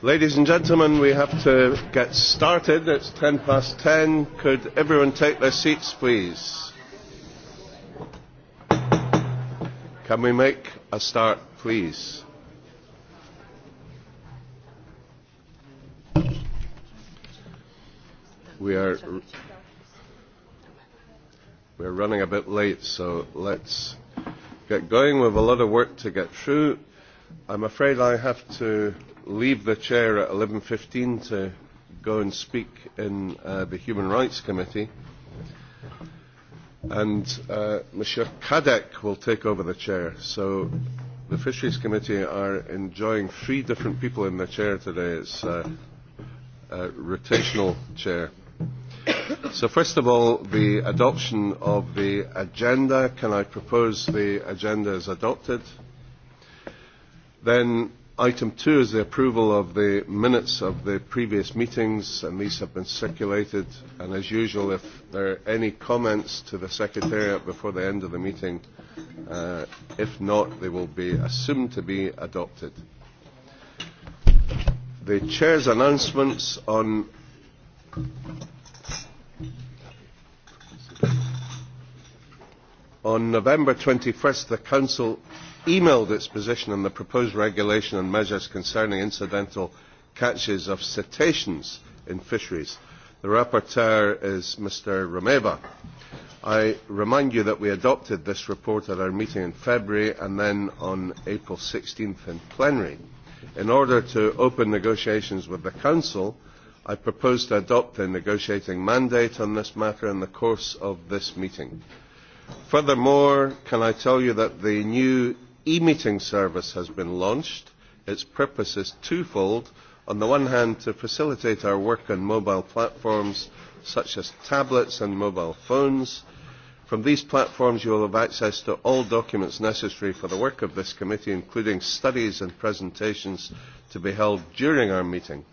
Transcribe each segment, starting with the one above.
Ladies and gentlemen, we have to get started. It's ten past ten. Could everyone take their seats, please? Can we make a start, please? We are, we are running a bit late, so let's get going. We have a lot of work to get through. I'm afraid I have to leave the chair at 11.15 to go and speak in uh, the Human Rights Committee. And uh, Monsieur Kadek will take over the chair. So the Fisheries Committee are enjoying three different people in the chair today. It's uh, a rotational chair. So first of all, the adoption of the agenda. Can I propose the agenda is adopted? Then item two is the approval of the minutes of the previous meetings, and these have been circulated. And as usual, if there are any comments to the Secretariat before the end of the meeting, uh, if not, they will be assumed to be adopted. The Chair's announcements on on November 21st, the Council emailed its position on the proposed regulation and measures concerning incidental catches of cetaceans in fisheries. The rapporteur is Mr Romeva. I remind you that we adopted this report at our meeting in February and then on April 16th in plenary. In order to open negotiations with the Council, I propose to adopt a negotiating mandate on this matter in the course of this meeting. Furthermore, can I tell you that the new e-meeting service has been launched. Its purpose is twofold. On the one hand, to facilitate our work on mobile platforms such as tablets and mobile phones. From these platforms, you will have access to all documents necessary for the work of this committee, including studies and presentations to be held during our meeting.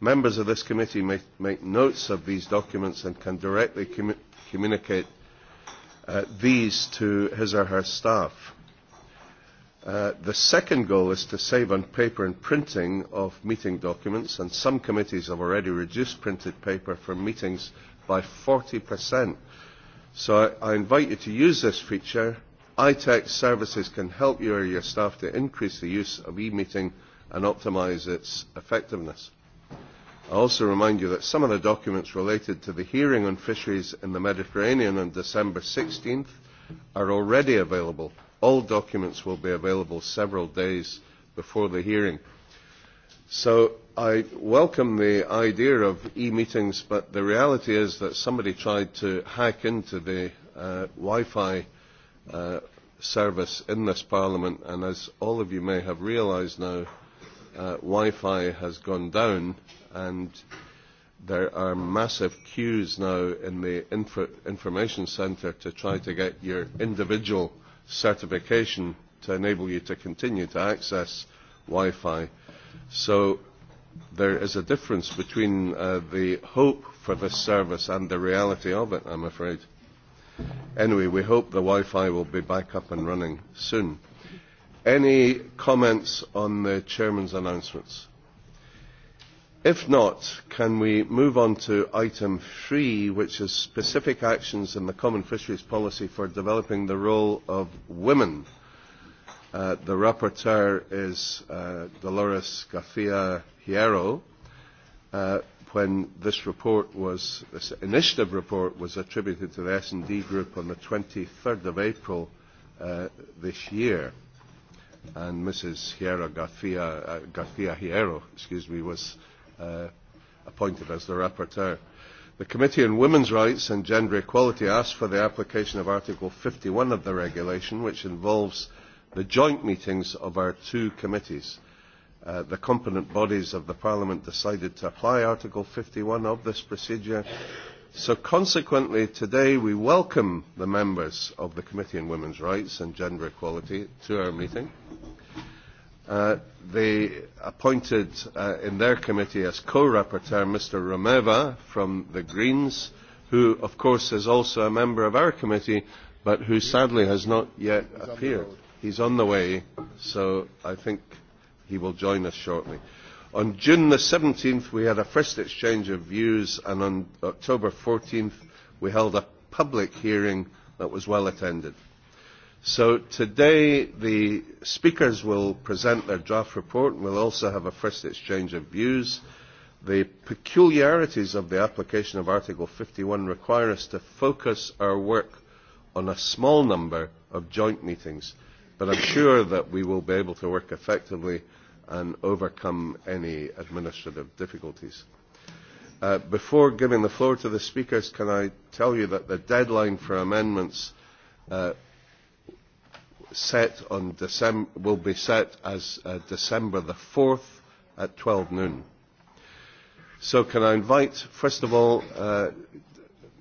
Members of this committee may make notes of these documents and can directly commu communicate uh, these to his or her staff. Uh, the second goal is to save on paper and printing of meeting documents, and some committees have already reduced printed paper for meetings by 40%. So I, I invite you to use this feature. iTech services can help you or your staff to increase the use of e-meeting and optimise its effectiveness. I also remind you that some of the documents related to the hearing on fisheries in the Mediterranean on December 16th are already available – All documents will be available several days before the hearing. So I welcome the idea of e-meetings, but the reality is that somebody tried to hack into the uh, Wi-Fi uh, service in this Parliament, and as all of you may have realised now, uh, Wi-Fi has gone down, and there are massive queues now in the info information centre to try to get your individual uh, certification to enable you to continue to access Wi-Fi. So there is a difference between uh, the hope for this service and the reality of it, I'm afraid. Anyway, we hope the Wi-Fi will be back up and running soon. Any comments on the Chairman's announcements? If not, can we move on to item three, which is specific actions in the Common Fisheries Policy for developing the role of women. Uh, the rapporteur is uh, Dolores Garcia Hierro. Uh, when this report was, this initiative report was attributed to the S&D group on the 23rd of April uh, this year and Mrs. Hierro Garcia, uh, Garcia Hierro, excuse me, was uh, appointed as the rapporteur. The Committee on Women's Rights and Gender Equality asked for the application of Article 51 of the regulation, which involves the joint meetings of our two committees. Uh, the competent bodies of the Parliament decided to apply Article 51 of this procedure. So consequently, today we welcome the members of the Committee on Women's Rights and Gender Equality to our meeting. Uh, Uh, they appointed uh, in their committee as co-rapporteur Mr Romeva from the Greens, who of course is also a member of our committee, but who sadly has not yet He's appeared. On He's on the way, so I think he will join us shortly. On June the 17th, we had a first exchange of views, and on October 14th, we held a public hearing that was well attended. So today the speakers will present their draft report and we'll also have a first exchange of views. The peculiarities of the application of Article 51 require us to focus our work on a small number of joint meetings, but I'm sure that we will be able to work effectively and overcome any administrative difficulties. Uh, before giving the floor to the speakers, can I tell you that the deadline for amendments uh, set on Decem- will be set as uh, December the 4th at 12 noon. So can I invite, first of all, uh,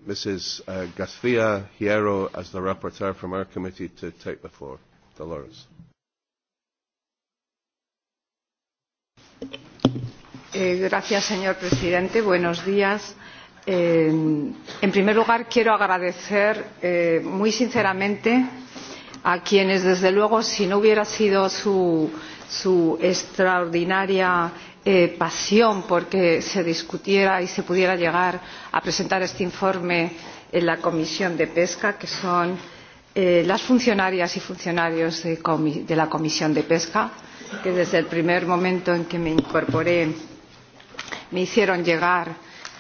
Mrs. Uh, Garcia Hierro as the rapporteur from our committee to take the floor. Dolores. Eh, gracias, señor presidente. Buenos días. Eh, en primer lugar, quiero agradecer eh, muy sinceramente eh, a quienes, desde luego, si no hubiera sido su, su extraordinaria eh, pasión porque se discutiera y se pudiera llegar a presentar este informe en la Comisión de Pesca, que son eh, las funcionarias y funcionarios de, de la Comisión de Pesca, que desde el primer momento en que me incorporé me hicieron llegar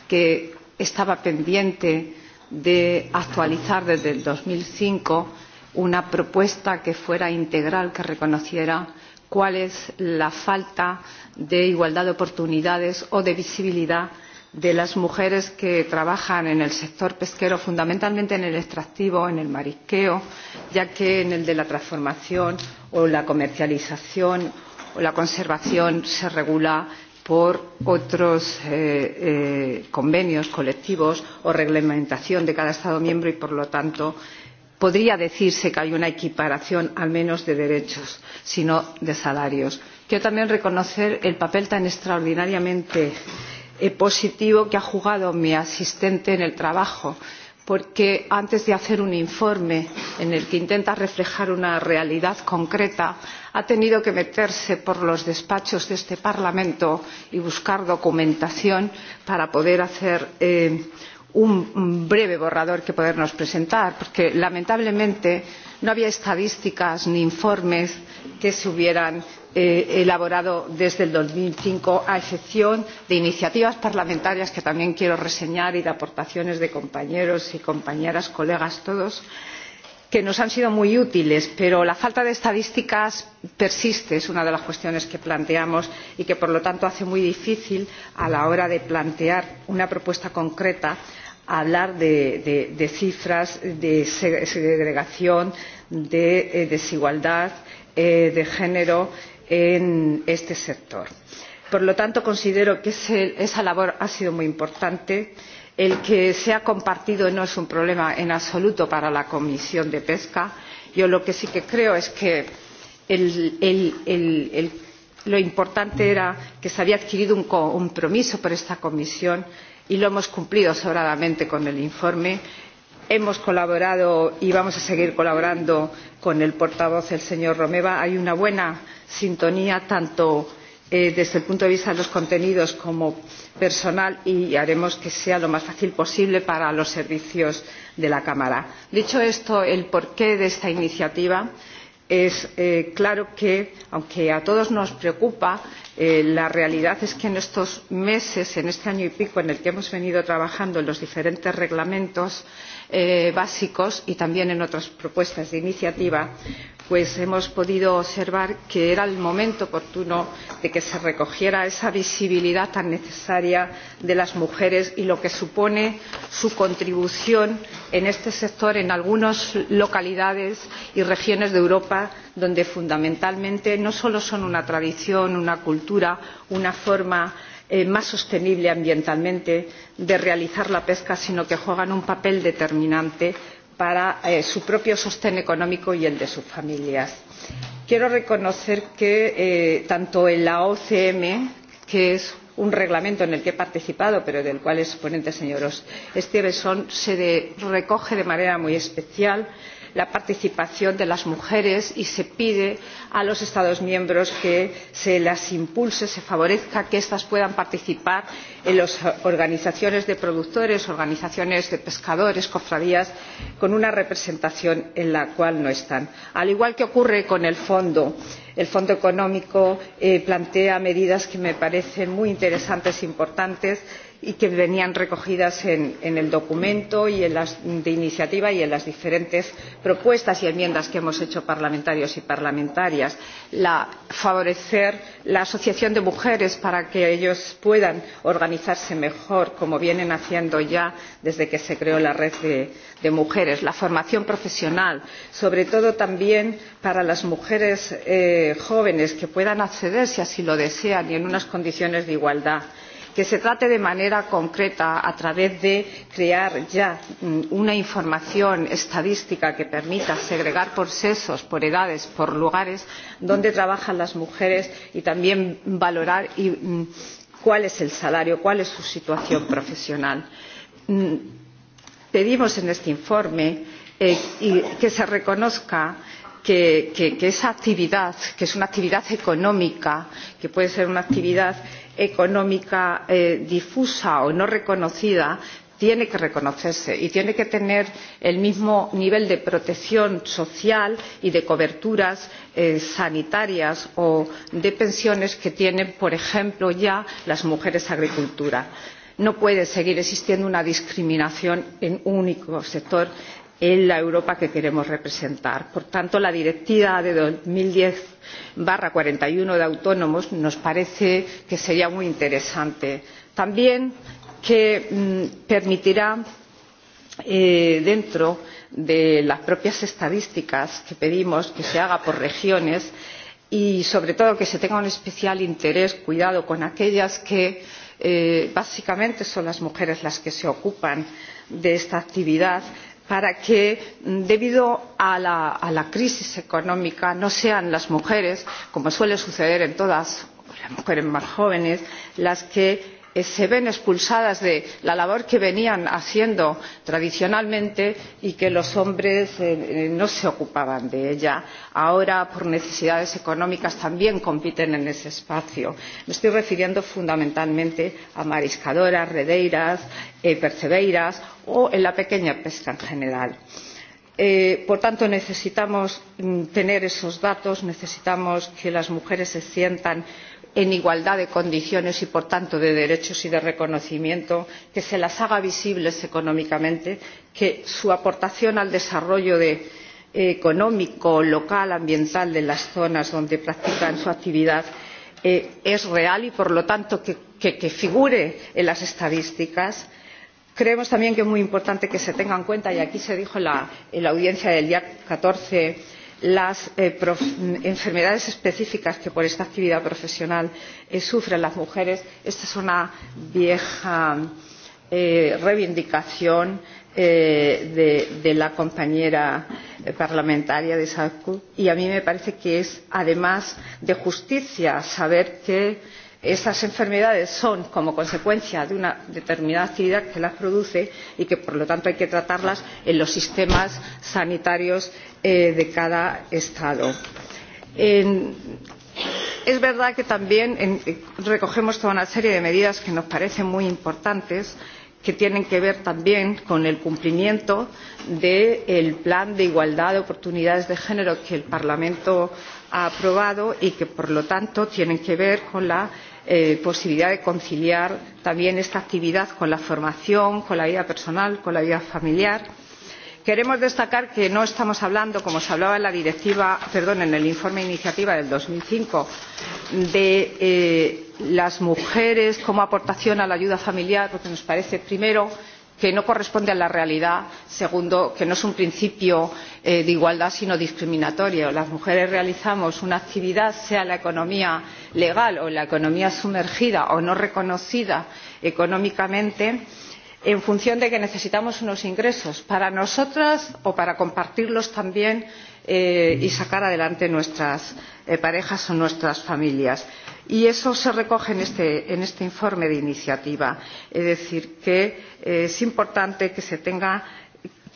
que estaba pendiente de actualizar desde dos mil cinco una propuesta que fuera integral, que reconociera cuál es la falta de igualdad de oportunidades o de visibilidad de las mujeres que trabajan en el sector pesquero, fundamentalmente en el extractivo, en el marisqueo, ya que en el de la transformación o la comercialización o la conservación se regula por otros eh, eh, convenios colectivos o reglamentación de cada Estado miembro y, por lo tanto, podría decirse que hay una equiparación al menos de derechos si no de salarios. quiero también reconocer el papel tan extraordinariamente eh, positivo que ha jugado mi asistente en el trabajo porque antes de hacer un informe en el que intenta reflejar una realidad concreta ha tenido que meterse por los despachos de este parlamento y buscar documentación para poder hacer eh, un breve borrador que podernos presentar porque lamentablemente no había estadísticas ni informes que se hubieran eh, elaborado desde dos mil cinco a excepción de iniciativas parlamentarias que también quiero reseñar y de aportaciones de compañeros y compañeras colegas todos ellos que nos han sido muy útiles pero la falta de estadísticas persiste es una de las cuestiones que planteamos y que por lo tanto hace muy difícil a la hora de plantear una propuesta concreta hablar de, de, de cifras de segregación de eh, desigualdad eh, de género en este sector. por lo tanto considero que ese, esa labor ha sido muy importante y el que sea compartido no es un problema en absoluto para la comisión de pesca. yo lo que sí que creo es que el, el, el, lo importante era que se había adquirido un compromiso por esta comisión y lo hemos cumplido sobradamente con el informe. hemos colaborado y vamos a seguir colaborando con el portavoz el señor romeva. hay una buena sintonía tanto eh, desde el punto de vista de los contenidos como personal y haremos que sea lo más fácil posible para los servicios de la Cámara. Dicho esto, el porqué de esta iniciativa es eh, claro que, aunque a todos nos preocupa, eh, la realidad es que en estos meses, en este año y pico en el que hemos venido trabajando en los diferentes reglamentos, eh, básicos y también en otras propuestas de iniciativa pues hemos podido observar que era el momento oportuno de que se recogiera esa visibilidad tan necesaria de las mujeres y lo que supone su contribución en este sector en algunas localidades y regiones de europa donde fundamentalmente no solo son una tradición una cultura una forma de eh, más sostenible ambientalmente de realizar la pesca sino que juegan un papel determinante para eh, su propio sostén económico y el de sus familias. quiero reconocer que eh, tanto en la ocm que es un reglamento en el que he participado pero del cual es ponente el señor stevenson se de, recoge de manera muy especial el la participación de las mujeres y se pide a los estados miembros que se las impulse se favorezca que éstas puedan participar en las organizaciones de productores organizaciones de pescadores cofradías con una representación en la cual no están al igual que ocurre con el fondo el fondo económico eh, plantea medidas que me parecen muy interesantes e importantes como y que venían recogidas en, en el documento y en las, de iniciativa y en las diferentes propuestas y enmiendas que hemos hecho parlamentarios y parlamentarias la, favorecer la asociación de mujeres para que ellas puedan organizarse mejor como vienen haciendo ya desde que se creó la red de, de mujeres la formación profesional sobre todo también para las mujeres eh, jóvenes que puedan acceder si así lo desean y en unas condiciones de igualdad y que se trate de manera concreta a través de crear ya mm, una información estadística que permita segregar por sexos por edades por lugares dónde trabajan las mujeres y también valorar y, mm, cuál es el salario cuál es su situación profesional. Mm, pedimos en este informe eh, y que se reconozca que, que, que esa actividad que es una actividad económica que puede ser una actividad económica eh, difusa o no reconocida tiene que reconocerse y tiene que tener el mismo nivel de protección social y de coberturas eh, sanitarias o de pensiones que tienen por ejemplo ya las mujeres agricultoras no puede seguir existiendo una discriminación en un único sector en la europa que queremos representar. por tanto la directiva dos mil diez cuarenta y uno de autónomos nos parece que sería muy interesante. también que mm, permitirá eh, dentro de las propias estadísticas que pedimos que se hagan por regiones y sobre todo que se tenga un especial interés cuidado con aquellas que eh, básicamente son las mujeres las que se ocupan de esta actividad para que mm, debido a la, a la crisis económica no sean las mujeres como suele suceder en todas las mujeres más jóvenes las que Eh, se ven expulsadas de la labor que venían haciendo tradicionalmente y que los hombres eh, eh, no se ocupaban de ella. ahora por necesidades económicas también compiten en ese espacio. me estoy refiriendo fundamentalmente a mariscadoras redeiras percebeiras o a la pequeña pesca en general. por tanto necesitamos mm, tener esos datos necesitamos que las mujeres se sientan en igualdad de condiciones y por tanto de derechos y de reconocimiento que se las haga visibles económicamente que su aportación al desarrollo eh, económico local ambiental de las zonas donde practican su actividad eh, es real y por lo tanto que figure en las estadísticas. creemos también que es muy importante que se tenga en cuenta y aquí se dijo en la audiencia del día catorce de las eh, enfermedades específicas que por esta actividad profesional eh, sufren las mujeres esta es una vieja eh, reivindicación eh, de, de la compañera eh, parlamentaria de sadku y a mí me parece que es además de justicia saber que esas enfermedades son como consecuencia de una determinada actividad que las produce y que por lo tanto hay que tratarlas en los sistemas sanitarios eh, de cada estado. es verdad que también eh, recogemos toda una serie de medidas que nos parecen muy importantes que tienen que ver también con el cumplimiento del plan de igualdad de oportunidades de género que el parlamento ha aprobado y que por lo tanto tienen que ver con la eh, posibilidad de conciliar también esta actividad con la formación con la vida personal con la vida familiar. queremos destacar que no estamos hablando como se hablaba en, la directiva, perdón, en el informe de iniciativa de dos mil cinco de eh, las mujeres como aportación a la ayuda familiar porque nos parece primero que que no corresponde a la realidad segundo que no es un principio eh, de igualdad sino discriminatorio. las mujeres realizamos una actividad sea la economía legal o la economía sumergida o no reconocida económicamente en función de que necesitamos unos ingresos para nosotras o para compartirlos también eh, y sacar adelante nuestras eh, parejas o nuestras familias. Y eso se recoge en este, en este informe de iniciativa. Es decir, que eh, es importante que se tenga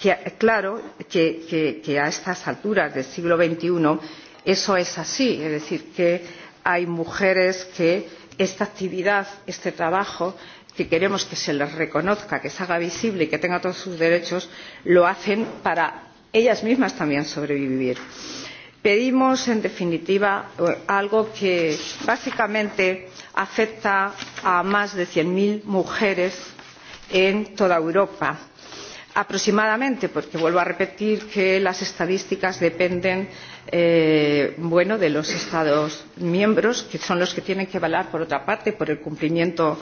que, claro que, que, que a estas alturas del siglo XXI eso es así. Es decir, que hay mujeres que esta actividad, este trabajo, que queremos que se les reconozca, que se haga visible y que tenga todos sus derechos, lo hacen para ellas mismas también sobrevivir. pedimos en definitiva eh, algo que básicamente afecta a más de cien mil mujeres en toda europa aproximadamente porque vuelvo a repetir que las estadísticas dependen eh, bueno, de los estados miembros que son los que tienen que velar por otra parte por el cumplimiento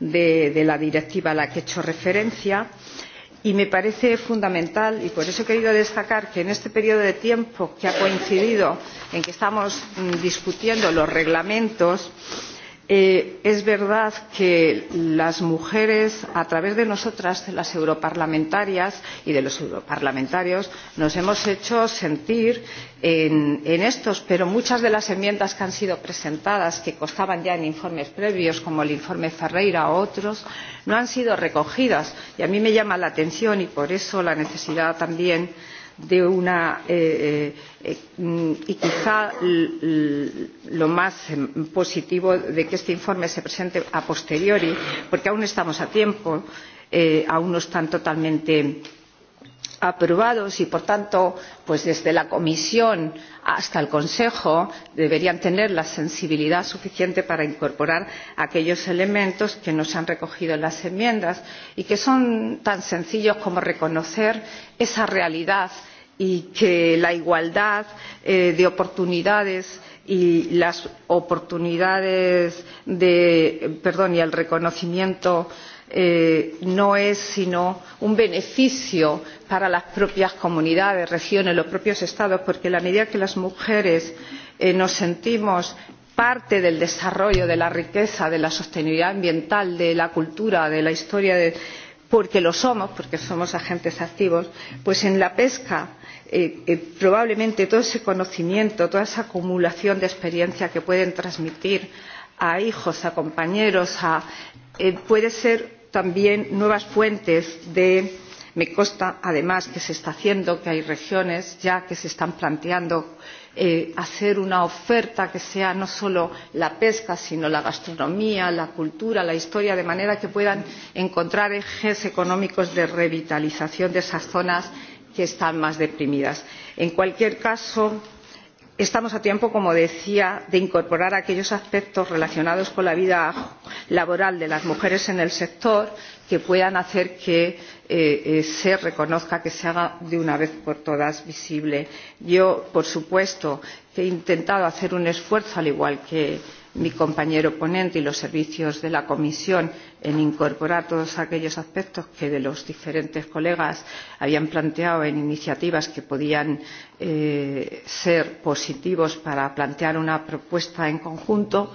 de, de la directiva a la que he hecho referencia y y me parece fundamental y por eso he querido destacar que en este periodo de tiempo que ha coincidido en que estamos mm, discutiendo los reglamentos hemos Eh, es verdad que las mujeres a través de nosotras de las europarlamentarias y de los europarlamentarios nos hemos hecho sentir en, en estos pero muchas de las enmiendas que han sido presentadas que constaban ya en informes previos como el informe ferreira u otros no han sido recogidas y a mí me llama la atención y por eso la necesidad también de de una eh, eh, mm, y quizá lo más eh, positivo de que este informe se presente a posteriori porque aún estamos a tiempo eh, aún no están totalmente aprobados y por tanto pues desde la comisión hasta el consejo deberían tener la sensibilidad suficiente para incorporar aquellos elementos que no se han recogido en las enmiendas y que son tan sencillos como reconocer esa realidad y que la igualdad eh, de oportunidades y las oportunidades de perdón y el reconocimiento de eh, no es sino un beneficio para las propias comunidades regiones los propios estados porque en la medida en que las mujeres eh, nos sentimos parte del desarrollo de la riqueza de la sostenibilidad ambiental de la cultura de la historia de, porque lo somos porque somos agentes activos pues en la pesca Eh, eh, probablemente todo ese conocimiento toda esa acumulación de experiencia que pueden transmitir a hijos a compañeros a, eh, puede ser también nuevas fuentes de me consta además que se está haciendo que hay regiones ya que se están planteando eh, hacer una oferta que sea no solo la pesca sino la gastronomía la cultura la historia de manera que puedan encontrar ejes económicos de revitalización de esas zonas que están más deprimidas. en cualquier caso quiero estamos a tiempo como decía de incorporar aquellos aspectos relacionados con la vida laboral de las mujeres en el sector que puedan hacer que eh, eh se reconozca que se haga de una vez por todas visible. yo por supuesto he intentado hacer un esfuerzo al igual que mi compañero ponente y los servicios de la comisión en incorporar todos aquellos aspectos que los diferentes colegas habían planteado en iniciativas que podían eh, ser positivos para plantear una propuesta en conjunto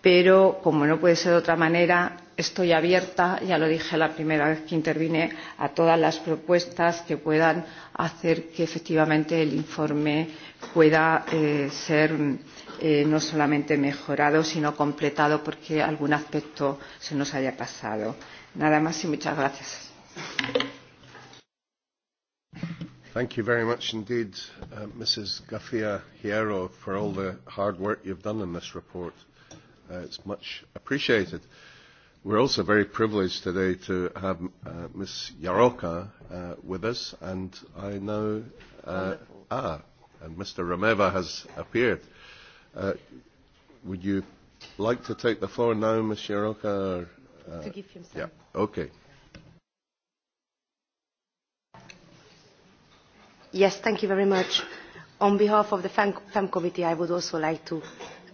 pero como no puede ser de otra manera estoy abierta ya lo dije la primera vez que intervine a todas las propuestas que puedan hacer que efectivamente el informe pueda eh, ser eh, no solamente mejorado, sino completado porque algún aspecto se nos haya pasado. Nada más y muchas gracias. Thank you very much indeed, uh, Mrs. Gafia Hierro, for all the hard work you've done in this report. Uh, it's much appreciated. We're also very privileged today to have uh, Ms. Yaroka uh, with us, and I know uh, ah, and Mr. Romeva has appeared. Uh, Uh, would you like to take the floor now, Ms. Shiroka? Or, uh, to give him some. Yeah, okay. Yes, thank you very much. On behalf of the FEM, FEM committee, I would also like to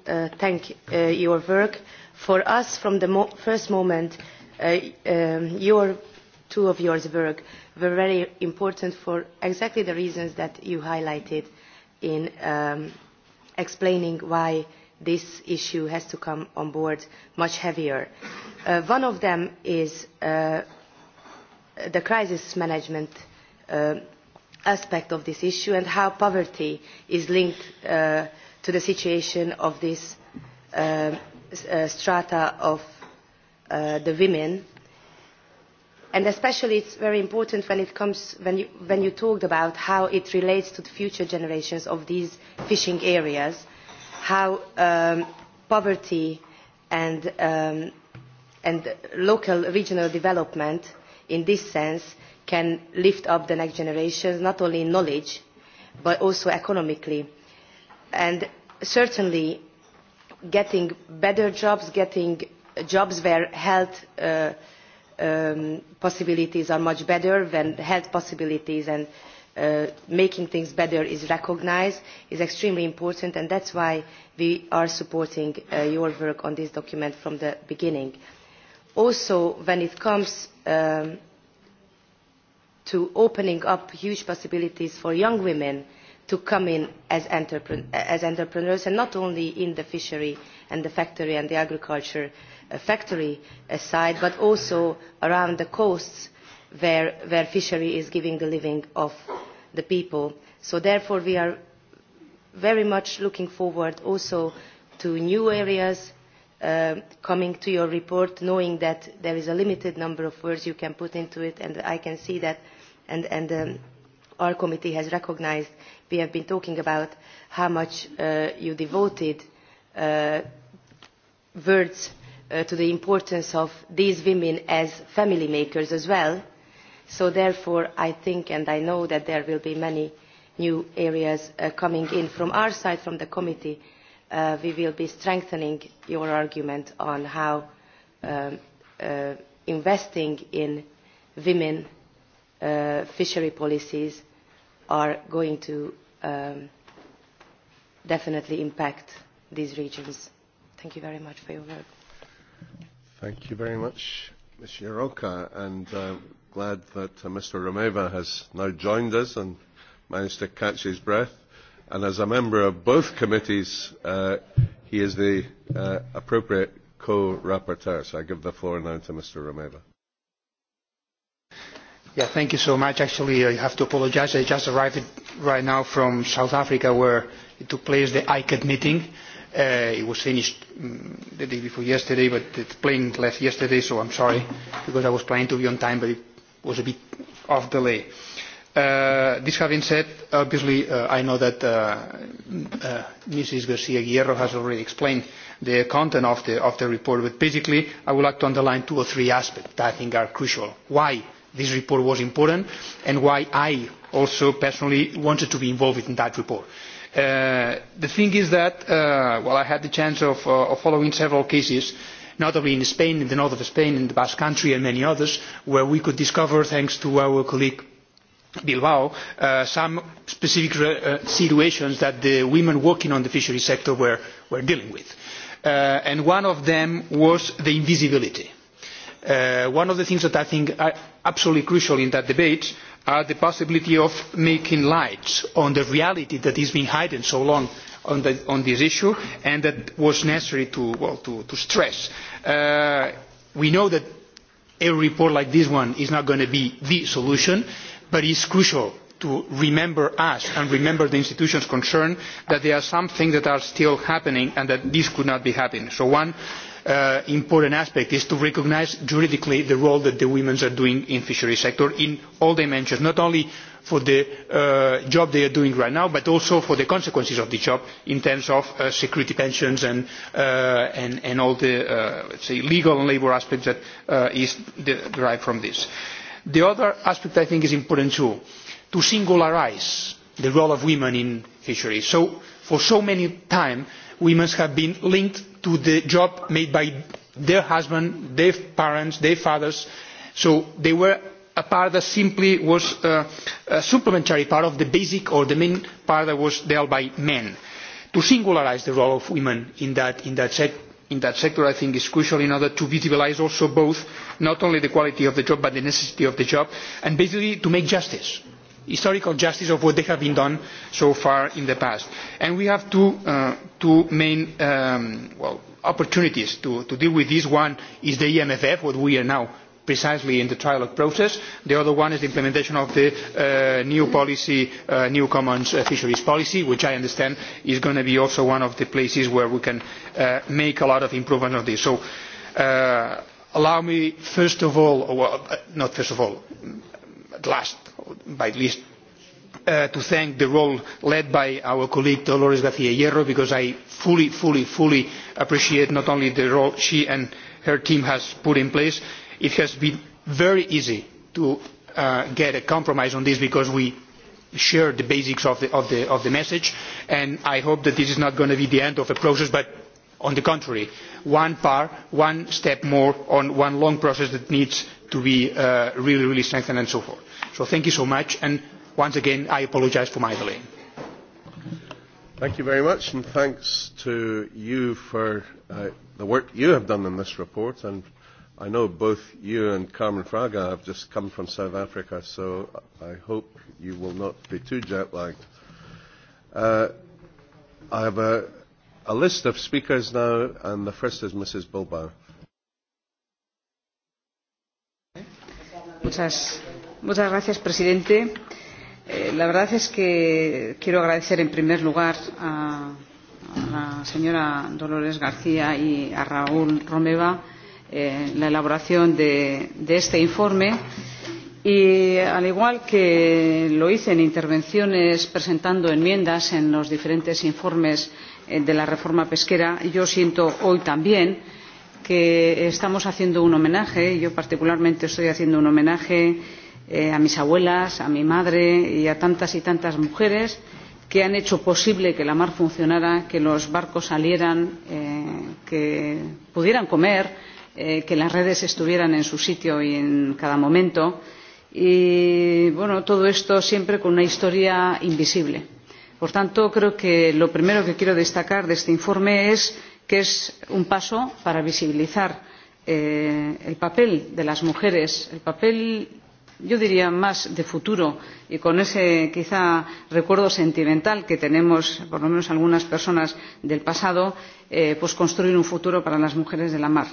uh, thank uh, your work. For us, from the mo first moment, uh, um, your two of yours work were very important for exactly the reasons that you highlighted in um, explaining why this issue has to come on board much heavier. Uh, one of them is uh, the crisis management uh, aspect of this issue and how poverty is linked uh, to the situation of this uh, uh, strata of uh, the women and especially it is very important when, comes, when, you, when you talked about how it relates to the future generations of these fishing areas how um, poverty and, um, and local regional development in this sense can lift up the next generations not only in knowledge but also economically and certainly getting better jobs getting jobs where health uh, um, possibilities are much better when health possibilities and uh, making things better is recognized is extremely important and that's why we are supporting uh, your work on this document from the beginning. Also, when it comes um, to opening up huge possibilities for young women uh, to come in as, entrepre as entrepreneurs and not only in the fishery and the factory and the agriculture uh, factory uh, side but also around the coasts where, where fishery is giving the living of the people. So therefore we are very much looking forward also to new areas uh, coming to your report knowing that there is a limited number of words you can put into it and I can see that and, and um, our committee has recognized we have been talking about how much uh, you devoted uh, words uh, to the importance of these women as family makers as well. So therefore, I think and I know that there will be many new areas uh, coming in. From our side, from the committee, uh, we will be strengthening your argument on how um, uh, investing in women uh, fishery policies uh, are going to um, definitely impact these regions. Thank you very much for your work. Thank you very much, Ms. Yaroka, and uh, glad that uh, Mr. Romeva has now joined us and managed to catch his breath. And as a member of both committees, uh, he is the uh, appropriate co-rapporteur. So I give the floor now to Mr. Romeva. Yeah, thank you so much. Actually, I have to apologize. I just arrived right now from South Africa where it took place the ICAD meeting. Uh, it was finished um, the day before yesterday, but the plane left yesterday, so I'm sorry because I was planning to be on time, but it was a bit of delay. Uh, this having said, obviously, uh, I know that uh, uh, Mrs. Garcia Guerrero has already explained the content of the, of the report, but basically, I would like to underline two or three aspects that I think are crucial. Why this report was important and why I also personally wanted to be involved in that report. Uh, the thing is that uh, well, I had the chance of, uh, of following several cases, notably in Spain, in the north of Spain, in the Basque Country and many others, where we could discover, thanks to our colleague Bilbao, uh, some specific uh, situations that the women working on the fishery sector were, were dealing with. Uh, and one of them was the invisibility Uh, one of the things that i think are absolutely crucial in that debate is the possibility of making light on the reality that has been hidden so long on, the, on this issue and that was necessary to, well, to, to stress. Uh, we know that a report like this one is not going to be the solution but it is crucial to remember us and remember the institutions concerned that there are some things that are still happening and that this could not be happening. so one uh, important aspect is to recognise juridically the role that the women are doing in the fisheries sector in all dimensions not only for the uh, job they are doing right now but also for the consequences of the job in terms of uh, security pensions and, uh, and, and all the uh, say legal and labour aspects that uh, is de derived from this. The other aspect I think is important too, to singularise the role of women in fisheries. So for so many time women have been linked to the job made by their husbands their parents their fathers so they were a part that simply was uh, a supplementary part of the basic or the main part that was dealt by men. To singularise the role of women in that, in that, sec in that sector I think is crucial in order to visibilise also both not only the quality of the job but the necessity of the job and basically to make justice historical justice of what they have been done so far in the past. And we have two, uh, two main um, well, opportunities to, to deal with this. One is the EMFF, what we are now precisely in the trialogue process. The other one is the implementation of the uh, new policy, uh, new commons uh, fisheries policy, which I understand is going to be also one of the places where we can uh, make a lot of improvement on this. So uh, allow me first of all, well, uh, not first of all, at last, by at least uh, to thank the role led by our colleague Dolores García Hierro because I fully, fully, fully appreciate not only the role she and her team has put in place. It has been very easy to uh, get a compromise on this because we share the basics of the, of the, of the message and I hope that this is not going to be the end of a process but on the contrary one part one step more on one long process that needs to be uh, really really strengthened and so forth. So thank you so much, and once again, I apologize for my delay. Thank you very much, and thanks to you for uh, the work you have done in this report. And I know both you and Carmen Fraga have just come from South Africa, so I hope you will not be too jet lagged. Uh, I have a, a list of speakers now, and the first is Mrs. Bilbao. Muchas gracias señor presidente eh, la verdad es que quiero agradecer en primer lugar a la señora dolores garcía y a raül romeva eh, la elaboración de este informe y al igual que lo hice en intervenciones presentando enmiendas en los diferentes informes eh, de la reforma pesquera yo siento hoy también que estamos haciendo un homenaje yo particularmente estoy haciendo un homenaje a eh, a mis abuelas, a mi madre y a tantas y tantas mujeres que han hecho posible que la mar funcionara, que los barcos salieran, eh, que pudieran comer, eh, que las redes estuvieran en su sitio y en cada momento. Y bueno, todo esto siempre con una historia invisible. Por tanto, creo que lo primero que quiero destacar de este informe es que es un paso para visibilizar eh, el papel de las mujeres, el papel yo diría más de futuro y con ese quizá recuerdo sentimental que tenemos por lo menos algunas personas del pasado eh, pues construir un futuro para las mujeres de la mar.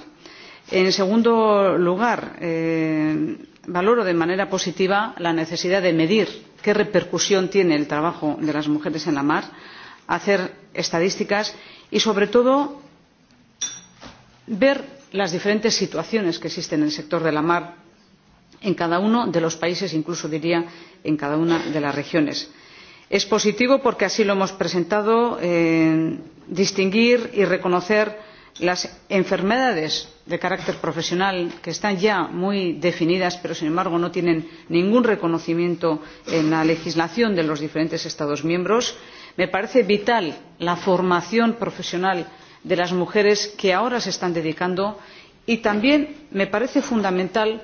en segundo lugar eh, valoro de manera positiva la necesidad de medir qué repercusión tiene el trabajo de las mujeres en la mar hacer estadísticas y sobre todo ver las diferentes situaciones que existen en el sector de la mar en cada uno de los países incluso diría en cada una de las regiones. es positivo porque así lo hemos presentado eh, distinguir y reconocer las enfermedades de carácter profesional que están ya muy definidas pero sin embargo no tienen ningún reconocimiento en la legislación de los diferentes estados miembros. me parece vital la formación profesional de las mujeres que ahora se están dedicando y también me parece fundamental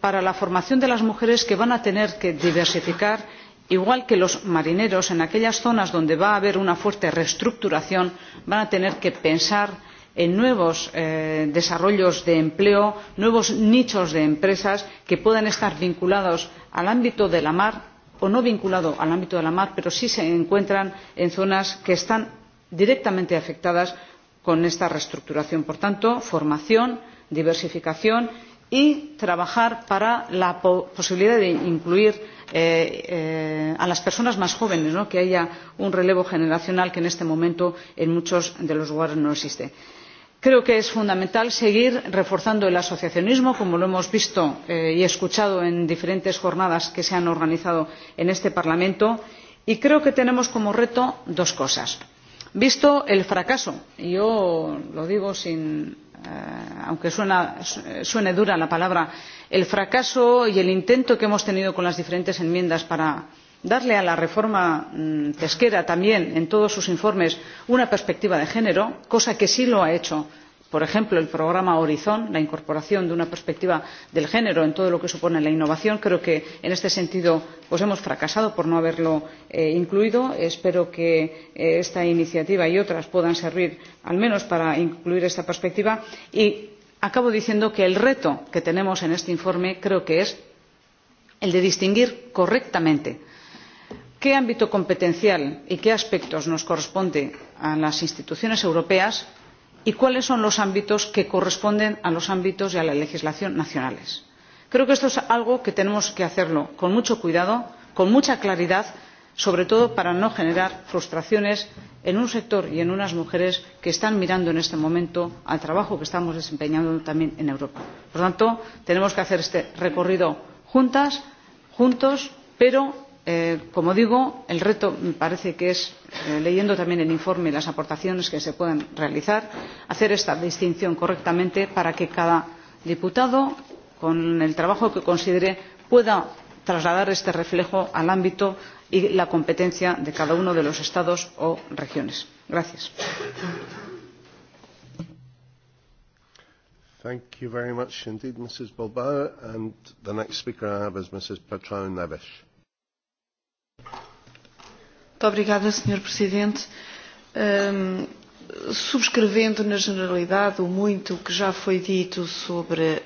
para la formación de las mujeres que van a tener que diversificar igual que los marineros en aquellas zonas donde va a haber una fuerte reestructuración van a tener que pensar en nuevos eh, desarrollos de empleo nuevos nichos de empresas que puedan estar vinculados al ámbito de la mar o no vinculados al ámbito de la mar pero sí se encuentran en zonas que están directamente afectadas por esta reestructuración. por tanto formación diversificación y y trabajar para la posibilidad de incluir eh, eh, a las personas más jóvenes, ¿no? que haya un relevo generacional que en este momento en muchos de los lugares no existe. Creo que es fundamental seguir reforzando el asociacionismo, como lo hemos visto eh, y escuchado en diferentes jornadas que se han organizado en este Parlamento, y creo que tenemos como reto dos cosas. Visto el fracaso, yo lo digo sin, Eh, aunque suena, suene dura la palabra el fracaso y el intento que hemos tenido con las diferentes enmiendas para darle a la reforma mm, pesquera también en todos sus informes una perspectiva de género cosa que sí ha hecho por ejemplo el programa horizonte la incorporación de una perspectiva de género en todo lo que supone la innovación creo que en este sentido hemos fracasado por no haberlo eh, incluido. espero que eh, esta iniciativa y otras puedan servir al menos para incluir esta perspectiva y acabo diciendo que el reto que tenemos en este informe creo que es el de distinguir correctamente qué ámbito competencial y qué aspectos nos corresponden a las instituciones europeas y cuáles son los ámbitos que corresponden a los ámbitos y a la legislación nacionales. creo que esto es algo que tenemos que hacer con mucho cuidado con mucha claridad sobre todo para no generar frustraciones en un sector y en unas mujeres que están mirando en este momento al trabajo que estamos desempeñando también en europa. por tanto tenemos que hacer este recorrido juntas juntos pero Eh, como digo el reto me parece que es eh, leyendo también el informe y las aportaciones que se pueden realizar hacer esta distinción correctamente para que cada diputado con el trabajo que considere pueda trasladar este reflejo al ámbito y la competencia de cada uno de los estados o regiones. gracias. Thank you very much indeed, Mrs. Bilbao. And the next speaker I have is Mrs. Patrao Neves. Obrigada, Sr. Presidente. Um, subscrevendo na generalidade o muito que já foi dito sobre uh,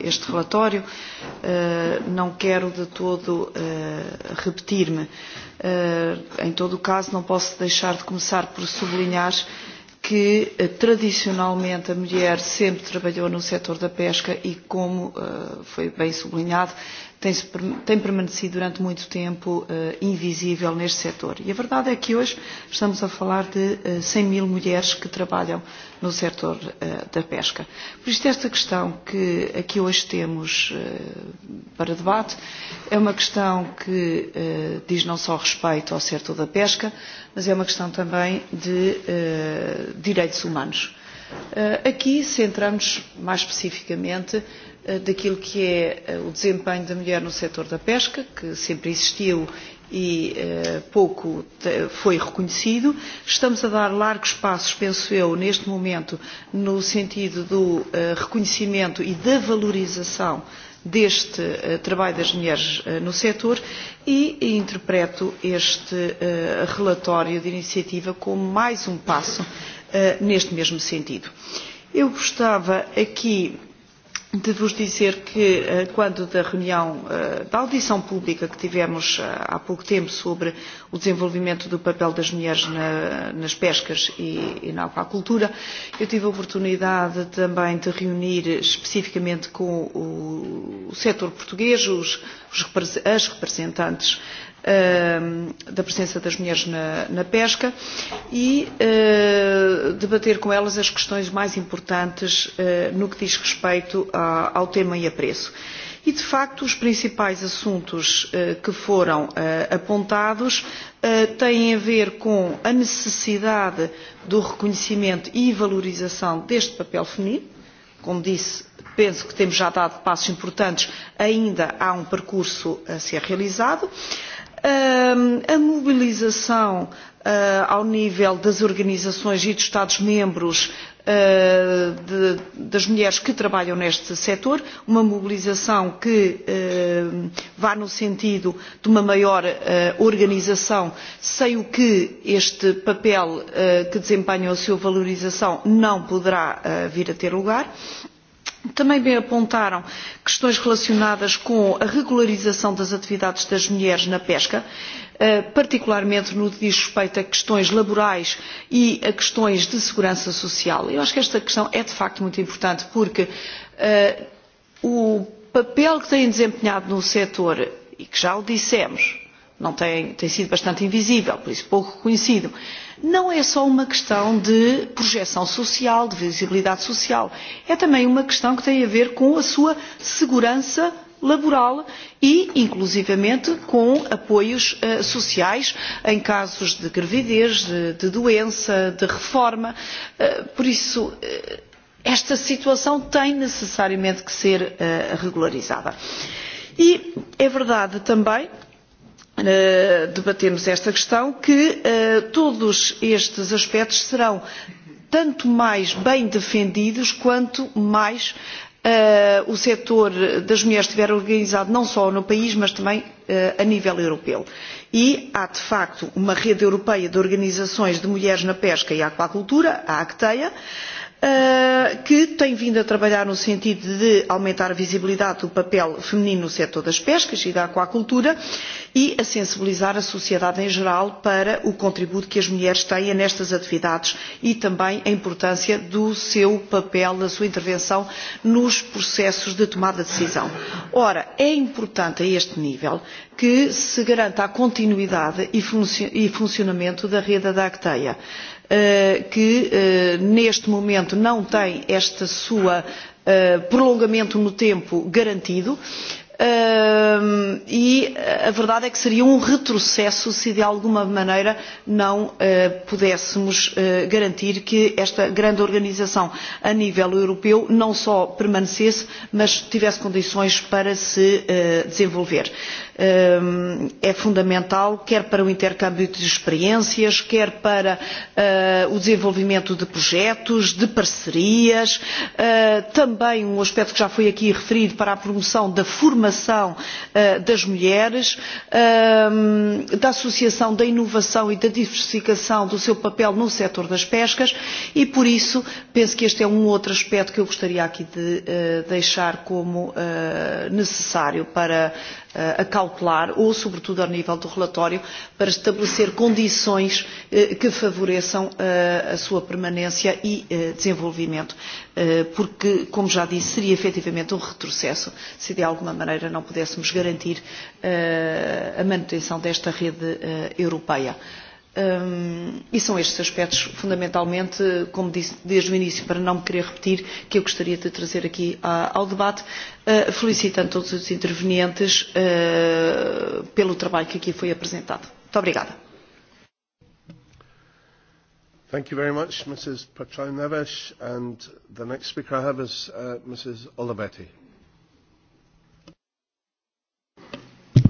este relatório, uh, não quero de todo uh, repetir-me. Uh, em todo o caso, não posso deixar de começar por sublinhar que uh, tradicionalmente a mulher sempre trabalhou no setor da pesca e, como uh, foi bem sublinhado, tem, tem permanecido durante muito tempo uh, invisível neste setor. E a verdade é que hoje estamos a falar de uh, eh, 100 mil mulheres que trabalham no setor uh, da pesca. Por isto, esta questão que aqui hoje temos uh, para debate é uma questão que uh, diz não só respeito ao setor da pesca, mas é uma questão também de uh, direitos humanos. Uh, aqui centramos mais especificamente uh, Eh, daquilo que é eh, o desempenho da mulher no setor da pesca, que sempre existiu e eh, pouco foi reconhecido. Estamos a dar largos passos, penso eu, neste momento, no sentido do eh, reconhecimento e da valorização deste uh, trabalho das mulheres uh, no setor e interpreto este uh, relatório de iniciativa como mais um passo uh, neste mesmo sentido. Eu gostava aqui devo dizer que eh, quando da reunião eh, da audição pública que tivemos eh, há pouco tempo sobre o desenvolvimento do papel das mulheres na, nas pescas e, e na aquacultura, eu tive a oportunidade também de reunir especificamente com o, o setor português, os, os, as representantes uh, da presença das mulheres na, na pesca e uh, debater com elas as questões mais importantes uh, no que diz respeito a, ao tema e a preço. E, de facto, os principais assuntos uh, que foram uh, apontados uh, têm a ver com a necessidade do reconhecimento e valorização deste papel feminino. Como disse, penso que temos já dado passos importantes, ainda há um percurso a ser realizado. Uh, a mobilização ah, ao nível das organizações e dos estados membros ah, de, das mulheres que trabalham neste setor, uma mobilização que eh, vá no sentido de uma maior eh, organização, sem o que este papel eh, que desempenham a sua valorização não poderá vir a ter lugar. Eh, Também bem apontaram questões relacionadas com a regularização das atividades das mulheres na pesca, eh, particularmente no que diz respeito a questões laborais e a questões de segurança social. Eu acho que esta questão é de facto muito importante porque uh, o papel que têm desempenhado no setor, e que já o dissemos, não tem, tem sido bastante invisível, por isso pouco conhecido, uh, não é só uma questão de projeção social, de visibilidade social, é também uma questão que tem a ver com a sua segurança laboral e, inclusivamente, com apoios uh, sociais em casos de gravidez, de, de doença, de reforma. Uh, por isso, uh, esta situação tem necessariamente que ser uh, regularizada. E é verdade também Eh, debatemos esta questão que eh, todos estes aspectos serão tanto mais bem defendidos quanto mais uh, o setor das mulheres estiver organizado não só no país, mas também uh, a nível europeu. E há, de facto, uma rede europeia de organizações de mulheres na pesca e aquacultura, a ACTEA, Eh, que tem vindo a trabalhar no sentido de aumentar a visibilidade do papel feminino no setor das pescas e da aquacultura e a sensibilizar a sociedade em geral para o contributo que as mulheres têm nestas atividades e também a importância do seu papel, da sua intervenção nos processos de tomada de decisão. Ora, é importante a este nível que se garanta a continuidade e, e funcionamento da rede da Acteia. Uh, Eh, que eh, neste momento não tem este seu eh, prolongamento no tempo garantido Uh, e a verdade é que seria um retrocesso se de alguma maneira não uh, pudéssemos uh, garantir que esta grande organização a nível europeu não só permanecesse mas tivesse condições para se desenvolver. Ehm, é fundamental quer para o intercâmbio de experiências, quer para eh, o desenvolvimento de projetos, de parcerias, eh, também um aspecto que já foi aqui referido para a promoção da formação eh, das mulheres, ehm, da associação da inovação e da diversificação do seu papel no setor das pescas e, por isso, penso que este é um outro aspecto que eu gostaria aqui de deixar como necessário para Eh, a cautelar ou, sobretudo, ao nível do relatório, para estabelecer condições eh, que favoreçam eh, a sua permanência e desenvolvimento, porque, como já disse, seria efetivamente um retrocesso se de alguma maneira não pudéssemos garantir a manutenção desta rede europeia. Um, e são estes aspectos, fundamentalmente, como disse desde o início, para não me querer repetir, que eu gostaria de trazer aqui à, ao debate, uh, felicitando todos os intervenientes uh, pelo trabalho que aqui foi apresentado. Muito obrigada. Thank you very much, Mrs. Patran Neves. And the next speaker I have is uh, Mrs. Olivetti.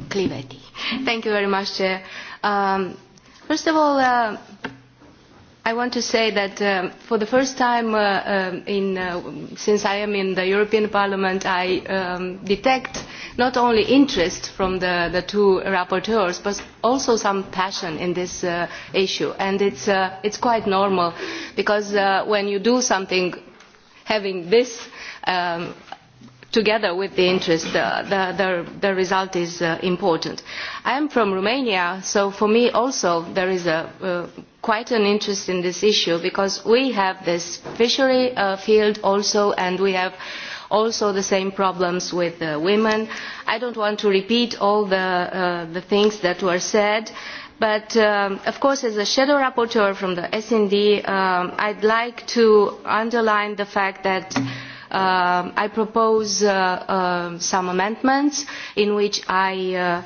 Clivetti. Thank you very much, Chair. Um, First of all, uh, I want to say that um, for the first time uh, um, in, uh, since I am in the European Parliament, I um, detect not only interest from the, the two rapporteurs, but also some passion in this uh, issue. And it's, uh, it's quite normal, because uh, when you do something having this um, together with the interest, uh, the, the, the result is uh, important. I am from Romania, so for me also there is a, uh, quite an interest in this issue because we have this fishery uh, field also and we have also the same problems with uh, women. I don't want to repeat all the, uh, the things that were said. Uh, but um, of course as a shadow rapporteur from the sd um, i'd like to underline the fact that um, I propose uh, uh, some amendments in which I uh,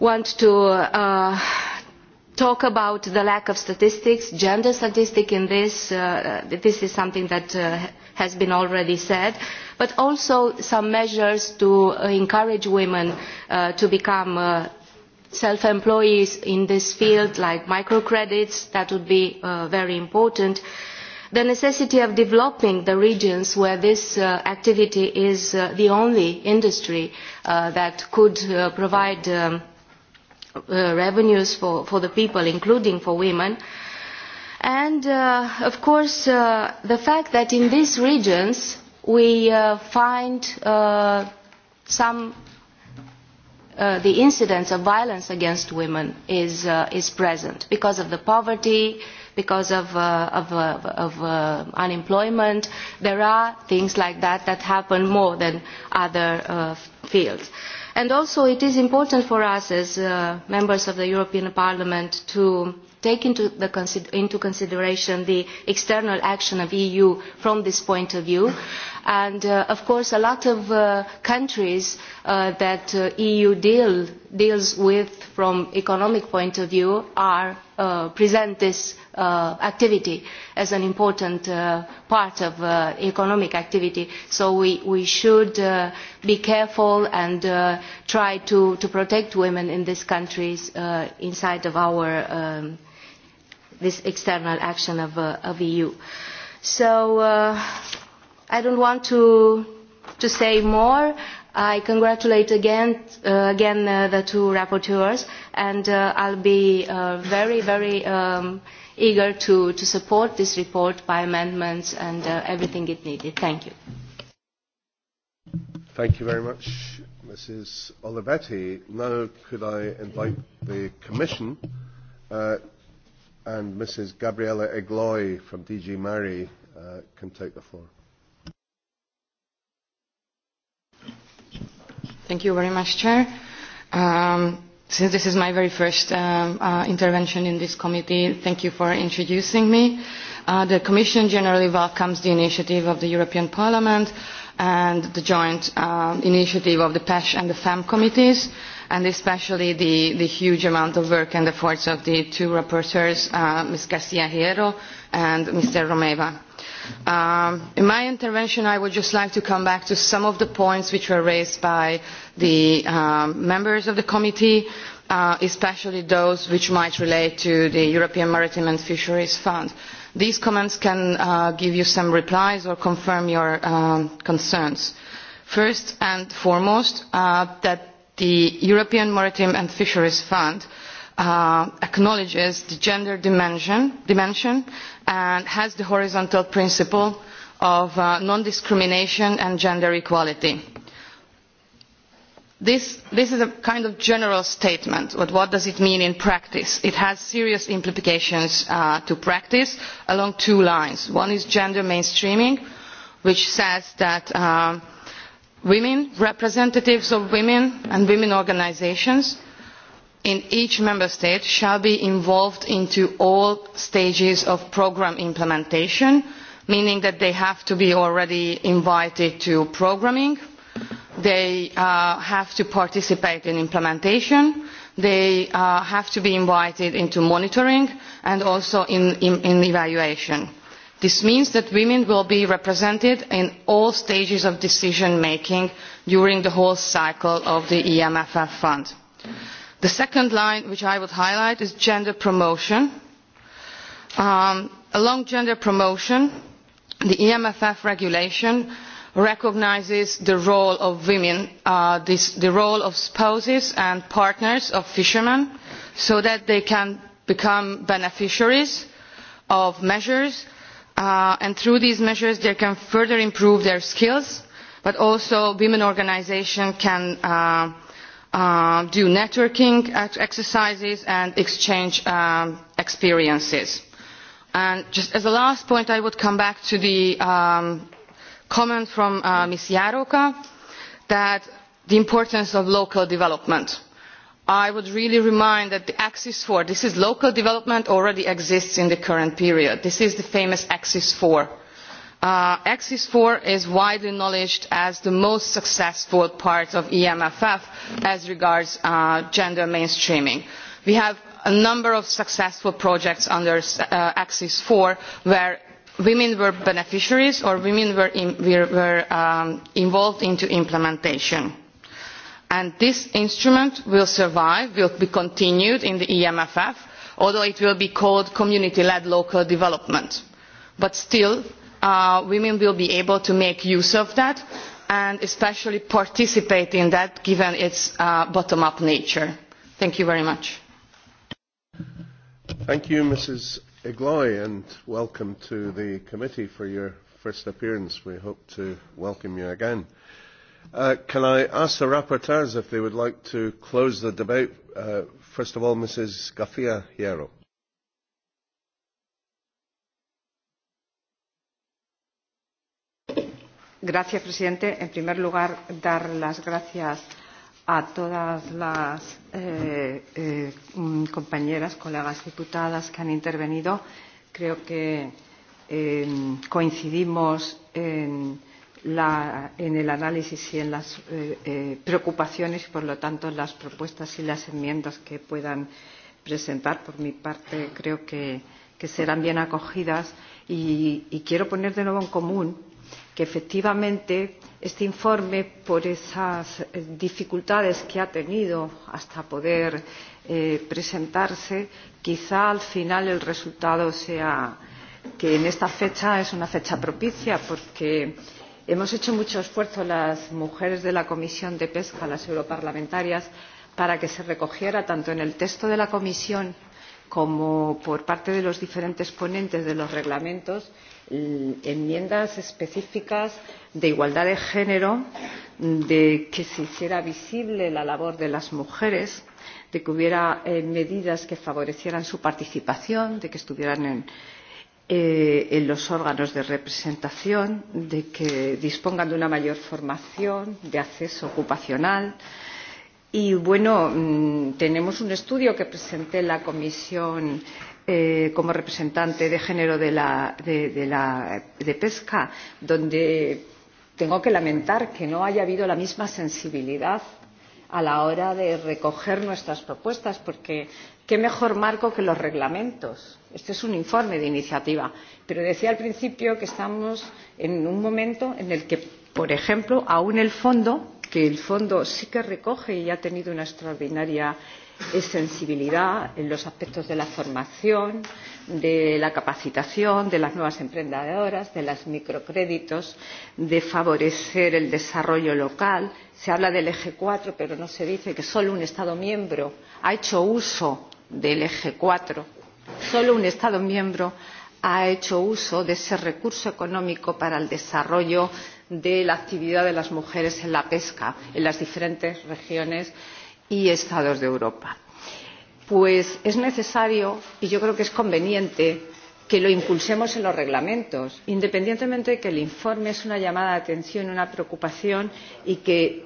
want to uh, talk about the lack of statistics, gender statistics in this. Uh, this is something that uh, has been already said, but also some measures to uh, encourage women uh, to become uh, self employees in this field, like microcredits, that would be uh, very important. Uh, the necessity of developing the regions where this uh, activity is uh, the only industry uh, that could uh, provide um, uh, revenues for, for the people, including for women. And, uh, of course, uh, the fact that in these regions we uh, find uh, some Uh, the incidence of violence against women is, uh, is present because of the poverty, uh, because of, uh, of, uh, of uh, unemployment. There are things like that that happen more than other uh, fields. And also it is important for us as uh, members of the European Parliament to take into, the, into consideration the external action of EU from this point of view. And uh, of course, a lot of uh, countries uh, that uh, EU deal, deals with from economic point of view are, uh, present this uh, activity as an important uh, part of uh, economic activity. So we, we should uh, be careful and uh, try to, to protect women in these countries uh, inside of our um, this external action of, uh, of EU. So uh, I don't want to, to say more. I congratulate again, uh, again uh, the two rapporteurs, and uh, I'll be uh, very, very um, uh, eager to, to support this report by amendments and uh, everything it needed. Thank you. Thank you very much, Mrs. Olivetti. Now could I invite the Commission uh, and Mrs. Gabriella Egloy from DG Mary uh, can take the floor. Thank you very much, Chair. Um, since this is my very first um, uh, intervention in this committee, thank you for introducing me. Uh, the Commission generally welcomes the initiative of the European Parliament and the joint uh, initiative of the PESH and the FAM committees, and especially the, the huge amount of work and efforts of the two rapporteurs, uh, Ms. Garcia Hierro and Mr. Romeva. Um, in my intervention, I would just like to come back to some of the points which were raised by the um, members of the committee, uh, especially those which might relate to the European Maritime and Fisheries Fund. These comments can uh, give you some replies or confirm your um, concerns. First and foremost, uh, that the European Maritime and Fisheries Fund uh, acknowledges the gender dimension, dimension and has the horizontal principle of uh, non discrimination and gender equality. This, this is a kind of general statement but what does it mean in practice? it has serious implications uh, to practice along two lines. one is gender mainstreaming which says that uh, women representatives of women and women's organisations in each member state shall be involved in all stages of programme implementation meaning that they have to be already invited to programming they uh, have to participate in implementation they uh, have to be invited into monitoring and also in, in, in evaluation. This means that women will be represented in all stages of decision making during the whole cycle of the EMFF fund. Mm -hmm the second line which i would highlight is gender promotion. Um, along gender promotion the emff regulation recognises the role of women uh, this, the role of spouses and partners of fishermen so that they can become beneficiaries of measures uh, and through these measures they can further improve their skills but also women organisations can uh, uh, do networking exercises and exchange um, experiences. And just as a last point, I would come back to the um, comment from uh, Ms. Jaroka that the importance of local development. I would really remind that the Axis 4, this is local development already exists in the current period. This is the famous Axis 4 Uh, axis four is widely acknowledged as the most successful part of emff as regards uh, gender mainstreaming. we have a number of successful projects under uh, axis four where women were beneficiaries or women were, in, were um, involved in implementation and this instrument will survive will be continued in the emff although it will be called community led local development but still uh, women will be able to make use of that and especially participate in that given its uh, bottom up nature. Thank you very much. Thank you, Mrs. Igloy, and welcome to the committee for your first appearance. We hope to welcome you again. Uh, can I ask the rapporteurs if they would like to close the debate? Uh, first of all, Mrs. Gafia Hierro. Gracias, presidente. En primer lugar, dar las gracias a todas las eh, eh, mm, compañeras, colegas diputadas que han intervenido. Creo que eh, coincidimos en, la, en el análisis y en las eh, eh, preocupaciones y, por lo tanto, en las propuestas y las enmiendas que puedan presentar. Por mi parte, creo que, que serán bien acogidas y, y quiero poner de nuevo en común que efectivamente este informe, por esas eh, dificultades que ha tenido hasta poder eh, presentarse, quizá al final el resultado sea que en esta fecha es una fecha propicia porque hemos hecho mucho esfuerzo las mujeres de la Comisión de Pesca, las europarlamentarias, para que se recogiera tanto en el texto de la Comisión como por parte de los diferentes ponentes de los reglamentos mm, enmiendas específicas de igualdad de género mm, de que se hiciera visible la labor de las mujeres de que hubiera eh, medidas que favorecieran su participación de que estuvieran en, eh, en los órganos de representación de que dispongan de una mayor formación de acceso ocupacional de Y bueno, mm, tenemos un estudio que presenté en la comisión eh, como representante de género de, la, de, de, la, de pesca, donde tengo que lamentar que no haya habido la misma sensibilidad a la hora de recoger nuestras propuestas, porque qué mejor marco que los reglamentos. Este es un informe de iniciativa, pero decía al principio que estamos en un momento en el que, por ejemplo, aún el fondo que el fondo sí que recoge y ha tenido una extraordinaria sensibilidad en los aspectos de la formación de la capacitación de las nuevas emprendedoras de los microcréditos de favorecer el desarrollo local se habla del eje cuatro pero no se dice que solo un estado miembro ha hecho uso del eje cuatro solo un estado miembro ha hecho uso de ese recurso económico para el desarrollo de de la actividad de las mujeres en la pesca en las diferentes regiones y estados de Europa. Pues es necesario y yo creo que es conveniente que lo impulsemos en los reglamentos, independientemente de que el informe es una llamada de atención, una preocupación y que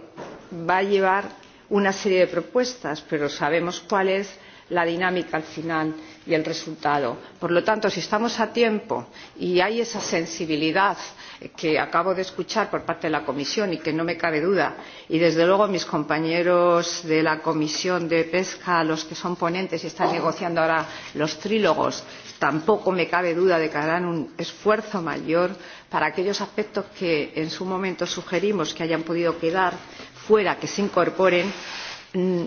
va a llevar una serie de propuestas pero sabemos cuál es la dinámica al final y el resultado. por lo tanto si estamos a tiempo y hay esa sensibilidad eh, que acabo de escuchar por parte de la comisión y que no me cabe duda y desde luego mis compañeros de la comisión de pesca los que son ponentes y están negociando ahora los trílogos tampoco me cabe duda de que harán un esfuerzo mayor para aquellos aspectos que en su momento sugerimos que hayan podido quedar fuera que se incorporen mm,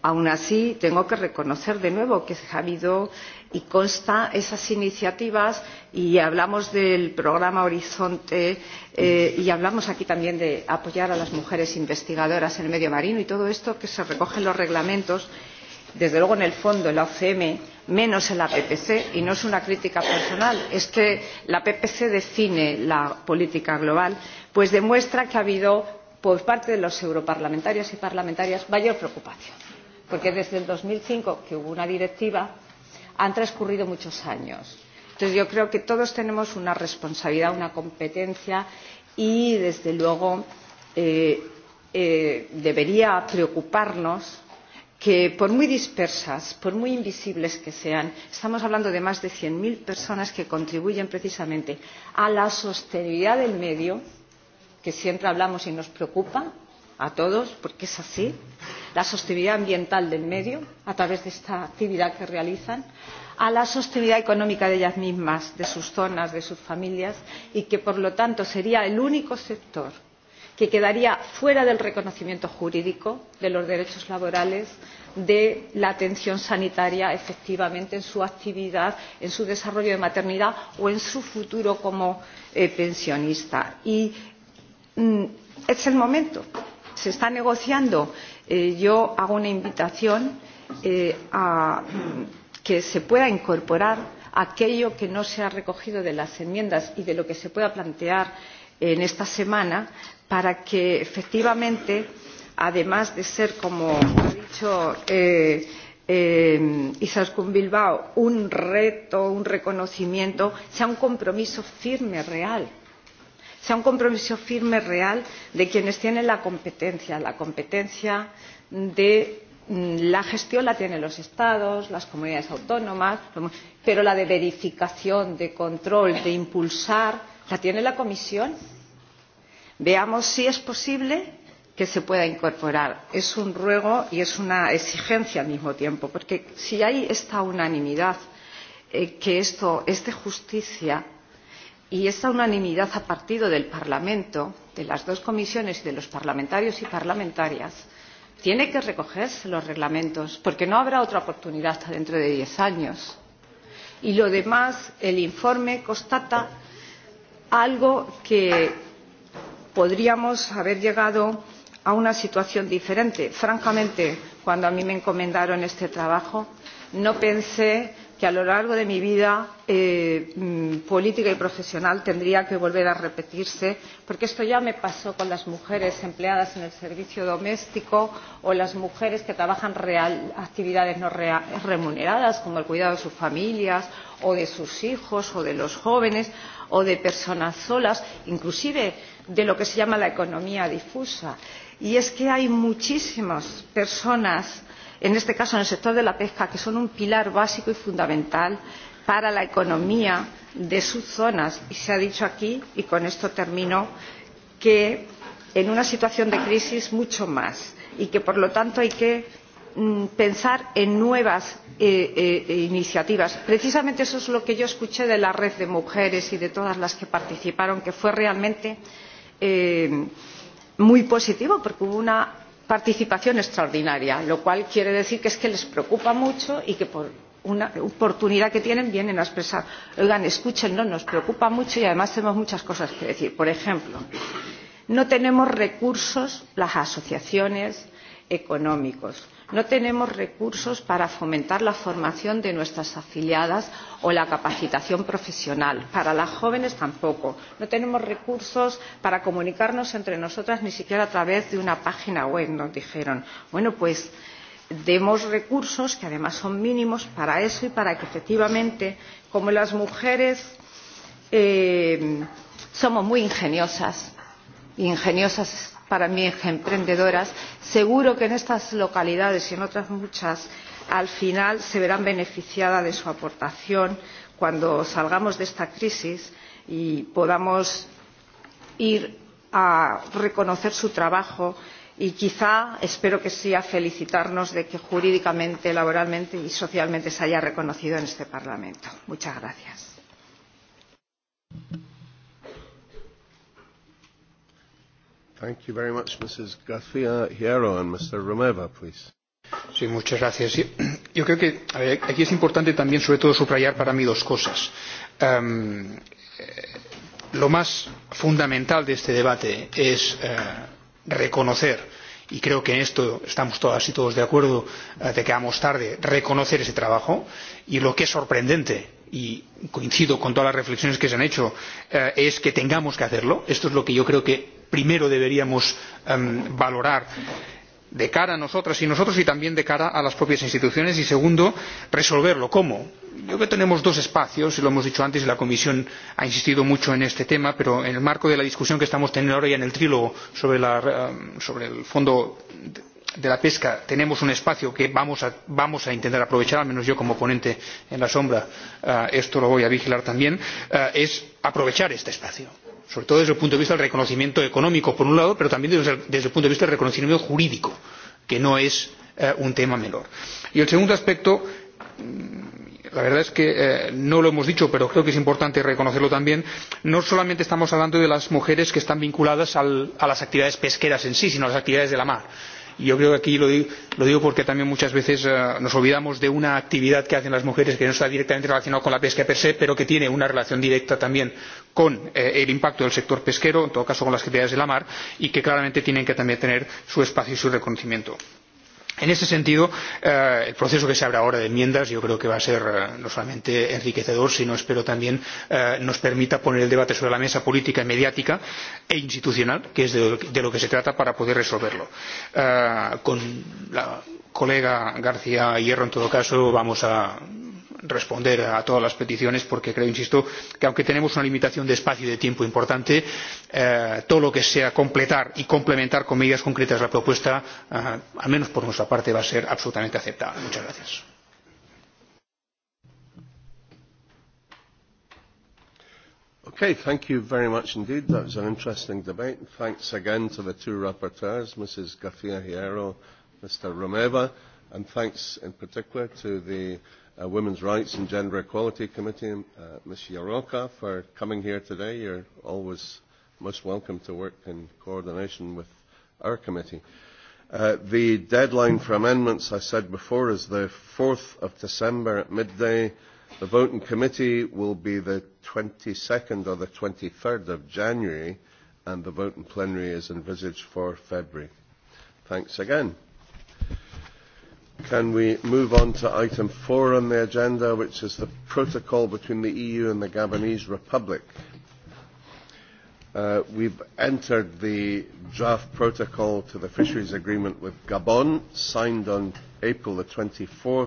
aun así tengo que reconocer de nuevo que ha habido y consta esas iniciativas y hablamos del programa horizonte eh, y hablamos aquí también de apoyar a las mujeres investigadoras en el medio marino y todo esto que se recoge en los reglamentos desde luego en el fondo en la ocm menos en la ppc y no es una crítica personal es que la ppc define la política global pues demuestra que ha habido por parte de los europarlamentarios y parlamentarias mayor preocupación porque desde dos mil cinco que hubo una directiva han transcurrido muchos años. entonces yo creo que todos tenemos una responsabilidad una competencia y desde luego eh, eh, debería preocuparnos que por muy dispersas por muy invisibles que sean estamos hablando de más de cien mil personas que contribuyen precisamente a la sostenibilidad del medio que siempre hablamos y nos preocupa a todos, porque es así, la sostenibilidad ambiental del medio a través de esta actividad que realizan, a la sostenibilidad económica de ellas mismas, de sus zonas, de sus familias, y que, por lo tanto, sería el único sector que quedaría fuera del reconocimiento jurídico de los derechos laborales de la atención sanitaria efectivamente en su actividad en su desarrollo de maternidad o en su futuro como eh, pensionista y Mm, es el momento. Se está negociando. Eh, yo hago una invitación eh, a mm, que se pueda incorporar aquello que no se ha recogido de las enmiendas y de lo que se pueda plantear en esta semana para que efectivamente además de ser como ha dicho eh, eh, Izaskun Bilbao un reto, un reconocimiento, sea un compromiso firme, real, eh, sea un compromiso firme real de quienes tienen la competencia la competencia de mm, la gestión la tienen los estados las comunidades autónomas pero la de verificación de control de impulsar la tiene la comisión. veamos si es posible que se pueda incorporar. es un ruego y es una exigencia al mismo tiempo porque si hay esta unanimidad en eh, que esto es de justicia y esta unanimidad ha partido del parlamento de las dos comisiones y de los parlamentarios y parlamentarias tiene que recogerse en los reglamentos porque no habrá otra oportunidad hasta dentro de diez años. y lo demás el informe constata algo que podríamos haber llegado a una situación diferente. francamente cuando a mí me encomendaron este trabajo no pensé que a lo largo de mi vida eh, mm, política y profesional tendría que volver a repetirse porque esto ya me pasó con las mujeres empleadas en el servicio doméstico o las mujeres que trabajan real, actividades no real, remuneradas como el cuidado de sus familias o de sus hijos o de los jóvenes o de personas solas inclusive de lo que se llama la economía difusa y es que hay muchísimas personas en este caso en el sector de la pesca que son un pilar básico y fundamental para la economía de sus zonas y se ha dicho aquí y con esto termino que en una situación de crisis mucho más y que por lo tanto hay que mm, pensar en nuevas eh, eh, e iniciativas. precisamente eso es lo que yo escuché de la red de mujeres y de todas las que participaron que fue realmente eh, muy positivo porque hubo una participación extraordinaria lo cual quiere decir que, es que les preocupa mucho y que por una oportunidad que tienen vienen a expresar oigan escúchennos nos preocupa mucho y además tenemos muchas cosas que decir. por ejemplo no tenemos recursos las asociaciones económicos no tenemos recursos para fomentar la formación de nuestras afiliadas o la capacitación profesional para las jóvenes tampoco no tenemos recursos para comunicarnos entre nosotras ni siquiera a través de una página web nos dijeron. bueno pues demos recursos que además son mínimos para eso y para que efectivamente como las mujeres eh, somos muy ingeniosas ingeniosas para mí emprendedoras seguro que en estas localidades y en otras muchas al final se verán beneficiadas de su aportación cuando salgamos de esta crisis y podamos ir a reconocer su trabajo y quizá espero que sí a felicitarnos de que jurídicamente laboralmente y socialmente se haya reconocido en este parlamento. muchas gracias. Thank you very much, Mrs. García Hierro and Mr. Romeva, please. Sí, muchas gracias. Sí, yo creo que a ver, aquí es importante también, sobre todo, subrayar para mí dos cosas. Um, eh, lo más fundamental de este debate es eh, reconocer y creo que en esto estamos todas y todos de acuerdo eh, de que vamos tarde reconocer ese trabajo y lo que es sorprendente y coincido con todas las reflexiones que se han hecho eh, es que tengamos que hacerlo esto es lo que yo creo que primero deberíamos um, valorar de cara a nosotras y nosotros y también de cara a las propias instituciones y segundo resolverlo. cómo? yo creo que tenemos dos espacios y lo hemos dicho antes y la comisión ha insistido mucho en este tema pero en el marco de la discusión que estamos teniendo ahora y en el trílogo sobre, la, sobre el fondo de la pesca tenemos un espacio que vamos a, vamos a intentar aprovechar al menos yo como ponente en la sombra uh, esto lo voy a vigilar también uh, es aprovechar este espacio sobre todo desde el punto de vista del reconocimiento económico por un lado pero también desde, desde el punto de vista del reconocimiento jurídico que no es eh, un tema menor. y el segundo aspecto mm, la verdad es que eh, no lo hemos dicho pero creo que es importante reconocerlo también no solamente estamos hablando de las mujeres que están vinculadas al, a las actividades pesqueras en sí sino a las actividades de la mar y yo creo que aquí lo, lo digo porque también muchas veces uh, nos olvidamos de una actividad que hacen las mujeres que no está directamente relacionada con la pesca per se pero que tiene una relación directa también con eh, el impacto del sector pesquero en todo caso con las actividades de la mar y que claramente tienen que también tener su espacio y su reconocimiento. por En ese sentido, eh, el proceso que se abre ahora de enmiendas yo creo que va a ser eh, no solamente enriquecedor, sino espero también eh, nos permita poner el debate sobre la mesa política, mediática e institucional, que es de lo, de lo que se trata para poder resolverlo. Eh, con la colega García Hierro, en todo caso, vamos a responder a todas las peticiones porque creo insisto que aunque tenemos una limitación de espacio y de tiempo importante eh, todo lo que sea completar y complementar con medidas concretas la propuesta eh, al menos por nuestra parte va a ser absolutamente aceptable. muchas gracias. Okay, thank you very much indeed. That was an interesting debate. Thanks again to the two rapporteurs, Mrs. Garcia Hierro, Mr. Romeva, and thanks in particular to the uh, Women's Rights and Gender Equality Committee, um, uh, Ms. Yaroka, for coming here today. You're always most welcome to work in coordination with our committee. Uh, the deadline for amendments, I said before, is the 4th of December at midday. The vote in committee will be the 22nd or the 23rd of January, and the vote in plenary is envisaged for February. Thanks again. Can we move on to item four on the agenda, which is the protocol between the EU and the Gabonese Republic? Uh, we've entered the draft protocol to the fisheries agreement with Gabon, signed on April the 24th